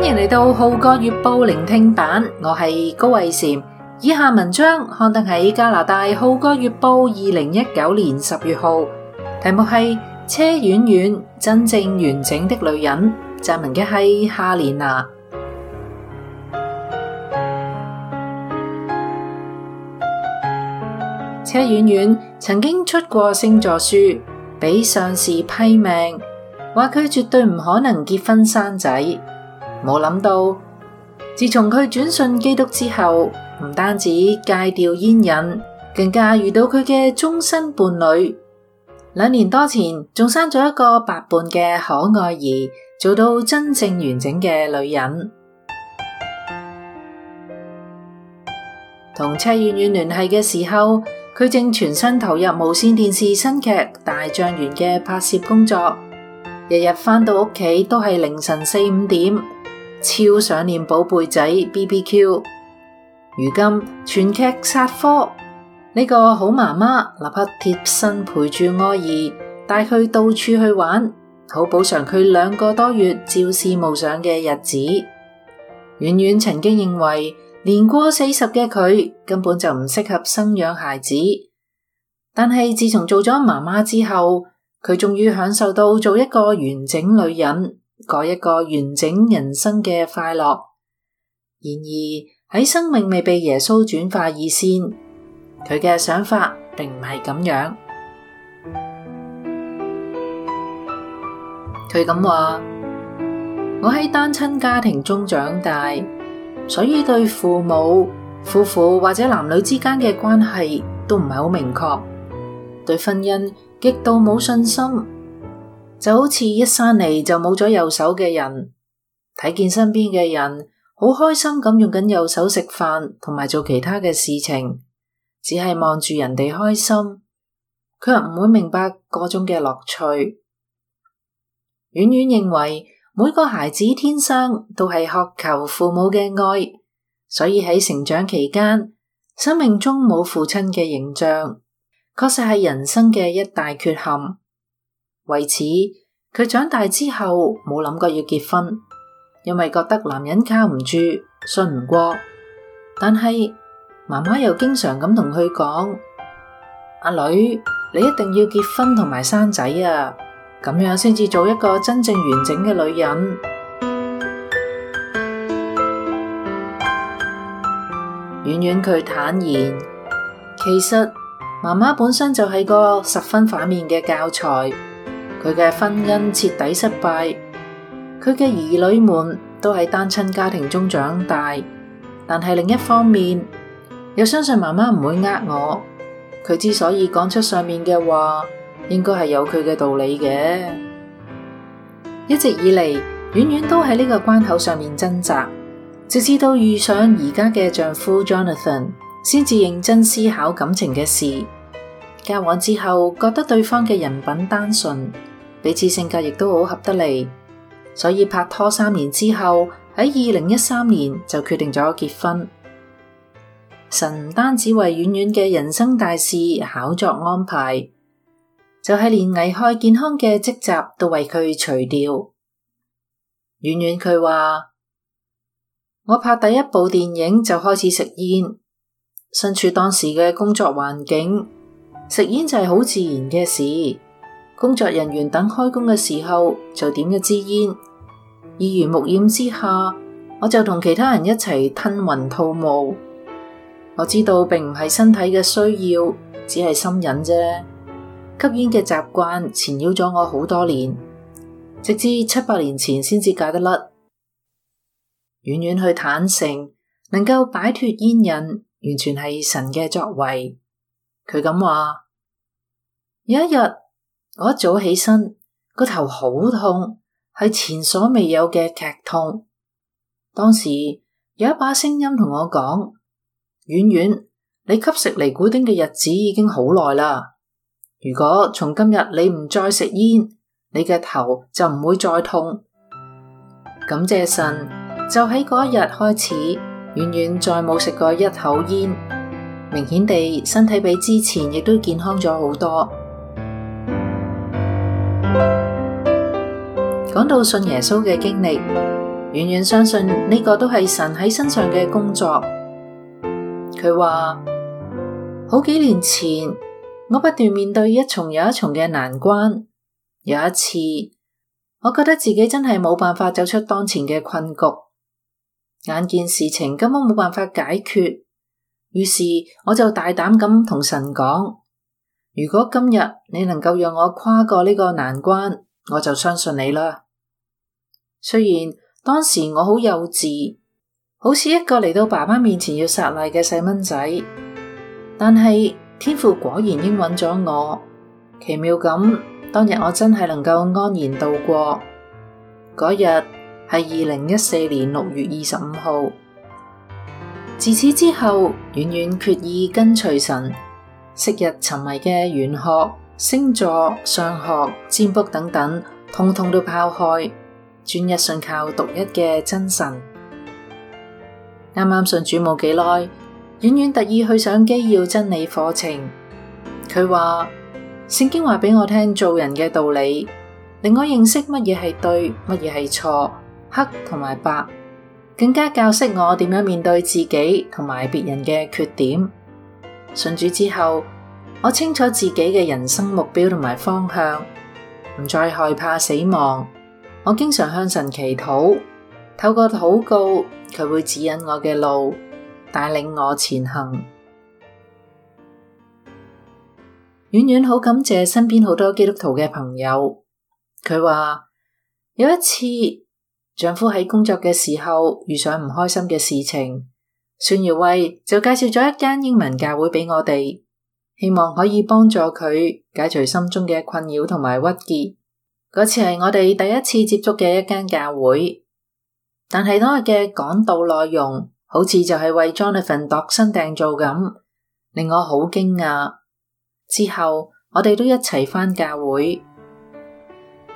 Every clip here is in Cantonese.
歡迎嚟到《號角月報》聆聽版，我係高慧嬋。以下文章刊登喺加拿大《號角月報》二零一九年十月號，題目係《車婉婉，真正完整的女人》，撰文嘅係哈蓮娜。車婉婉曾經出過星座書，俾相士批命話佢絕對唔可能結婚生仔。冇諗到，自從佢轉信基督之後，唔單止戒掉煙癮，更加遇到佢嘅終身伴侶。兩年多前，仲生咗一個白胖嘅可愛兒，做到真正完整嘅女人。同車婉婉聯繫嘅時候，佢正全身投入無線電視新劇《大象園》嘅拍攝工作，日日返到屋企都係凌晨四五點。超想念寶貝仔 B B Q，如今全劇殺科呢個好媽媽立刻貼身陪住愛兒，帶佢到處去玩，好補償佢兩個多月朝思暮想嘅日子。婉婉曾經認為年過四十嘅佢根本就唔適合生養孩子，但係自從做咗媽媽之後，佢終於享受到做一個完整女人過一個完整人生嘅快樂，然而喺生命未被耶穌轉化以先，佢嘅想法並唔係咁樣。佢咁話：我喺單親家庭中長大，所以對父母、夫婦、或者男女之間嘅關係都唔係好明確，對婚姻極度冇信心。就好似一生嚟，就冇咗右手嘅人，睇見身邊嘅人好開心咁用緊右手食飯同埋做其他嘅事情，只係望住人哋開心，佢唔會明白嗰種嘅樂趣。婉婉認為每個孩子天生都係渴求父母嘅愛，所以喺成長期間，生命中冇父親嘅形象，確實係人生嘅一大缺陷。為此，佢長大之後冇諗過要結婚，因為覺得男人靠唔住，信唔過。但係媽媽又經常咁同佢講：阿女，你一定要結婚同埋生仔啊，咁樣先至做一個真正完整嘅女人。婉婉佢坦言，其實媽媽本身就係個十分反面嘅教材。佢嘅婚姻徹底失敗，佢嘅兒女們都喺單親家庭中長大。但係另一方面，又相信媽媽唔會呃我。佢之所以講出上面嘅話，應該係有佢嘅道理嘅。一直以嚟，婉婉都喺呢個關口上面掙扎，直至到遇上而家嘅丈夫 Jonathan，先至認真思考感情嘅事。交往之後，覺得對方嘅人品單純。彼此性格亦都好合得嚟，所以拍拖三年之後，喺二零一三年就決定咗結婚。神唔單止為婉婉嘅人生大事巧作安排，就係、是、連危害健康嘅積習都為佢除掉。婉婉佢話：我拍第一部電影就開始食煙，身處當時嘅工作環境，食煙就係好自然嘅事。工作人員等開工嘅時候就點一支煙，耳濡目染之下，我就同其他人一齊吞雲吐霧。我知道並唔係身體嘅需要，只係心癮啫。吸煙嘅習慣纏繞咗我好多年，直至七八年前先至戒得甩。遠遠去坦誠，能夠擺脫煙癮，完全係神嘅作為。佢咁話，有一日。我一早起身，個頭好痛，係前所未有嘅劇痛。當時有一把聲音同我講：「婉婉，你吸食尼古丁嘅日子已經好耐啦。如果從今日你唔再食煙，你嘅頭就唔會再痛。感謝神，就喺嗰一日開始，婉婉再冇食過一口煙，明顯地身體比之前亦都健康咗好多。講到信耶穌嘅經歷，遠遠相信呢個都係神喺身上嘅工作。佢話好幾年前，我不斷面對一重又一重嘅難關。有一次，我覺得自己真係冇辦法走出當前嘅困局，眼見事情根本冇辦法解決，於是我就大膽咁同神講：如果今日你能夠讓我跨過呢個難關，我就相信你啦。雖然當時我好幼稚，好似一個嚟到爸爸面前要撒賴嘅細蚊仔，但係天父果然應允咗我。奇妙咁，當日我真係能夠安然度過。嗰日係二零一四年六月二十五號。自此之後，婉婉決意跟隨神，昔日沉迷嘅玄學、星座、相學、占卜等等，通通都拋開。專一信靠獨一嘅真神。啱啱信主冇幾耐，婉婉特意去上機要真理課程。佢話，聖經話俾我聽做人嘅道理，令我認識乜嘢係對，乜嘢係錯，黑同埋白，更加教識我點樣面對自己同埋別人嘅缺點。信主之後，我清楚自己嘅人生目標同埋方向，唔再害怕死亡。我經常向神祈禱，透過禱告，佢會指引我嘅路，帶領我前行。婉婉好感謝身邊好多基督徒嘅朋友。佢話有一次，丈夫喺工作嘅時候遇上唔開心嘅事情，孫耀威就介紹咗一間英文教會俾我哋，希望可以幫助佢解除心中嘅困擾同埋鬱結。嗰次係我哋第一次接觸嘅一間教會，但係當日嘅講道內容好似就係為 Johnny 份度身訂做咁，令我好驚訝。之後我哋都一齊返教會。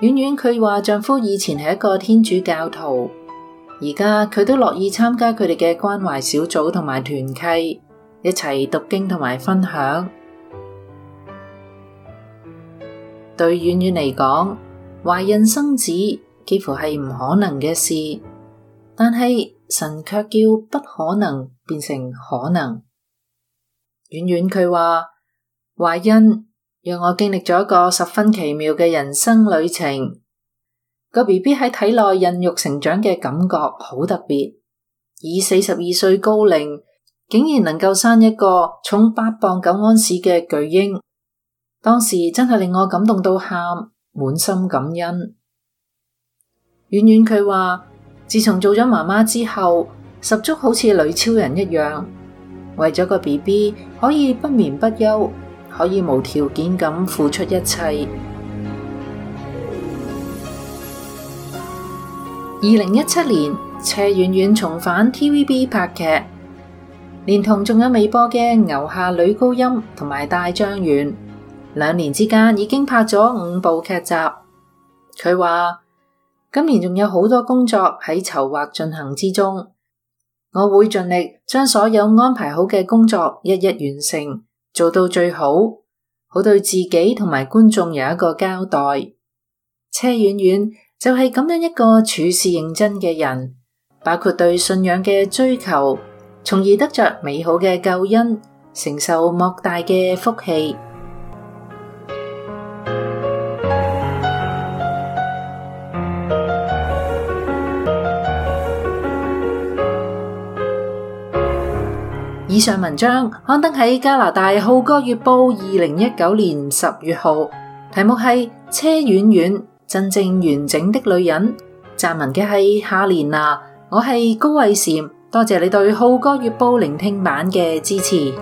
婉婉佢話丈夫以前係一個天主教徒，而家佢都樂意參加佢哋嘅關懷小組同埋團契，一齊讀經同埋分享。對婉婉嚟講，懷孕生子幾乎係唔可能嘅事，但係神卻叫不可能變成可能。婉婉佢話：懷孕讓我經歷咗一個十分奇妙嘅人生旅程。個 B B 喺體內孕育成長嘅感覺好特別，以四十二歲高齡竟然能夠生一個重八磅九安士嘅巨嬰，當時真係令我感動到喊。滿心感恩，婉婉佢話自從做咗媽媽之後，十足好似女超人一樣，為咗個 B B 可以不眠不休，可以無條件咁付出一切。二零一七年，車婉婉重返 TVB 拍劇，連同仲有微博嘅牛下女高音同埋大張遠。兩年之間已經拍咗五部劇集，佢話今年仲有好多工作喺籌劃進行之中。我會盡力將所有安排好嘅工作一一完成，做到最好，好對自己同埋觀眾有一個交代。車婉婉就係咁樣一個處事認真嘅人，包括對信仰嘅追求，從而得着美好嘅救恩，承受莫大嘅福氣。以上文章刊登喺加拿大《號角月報》二零一九年十月號，題目係《車婉婉，真正完整的女人》，撰文嘅係夏蓮娜，我係高慧嬋，多謝你對《號角月報》聆聽版嘅支持。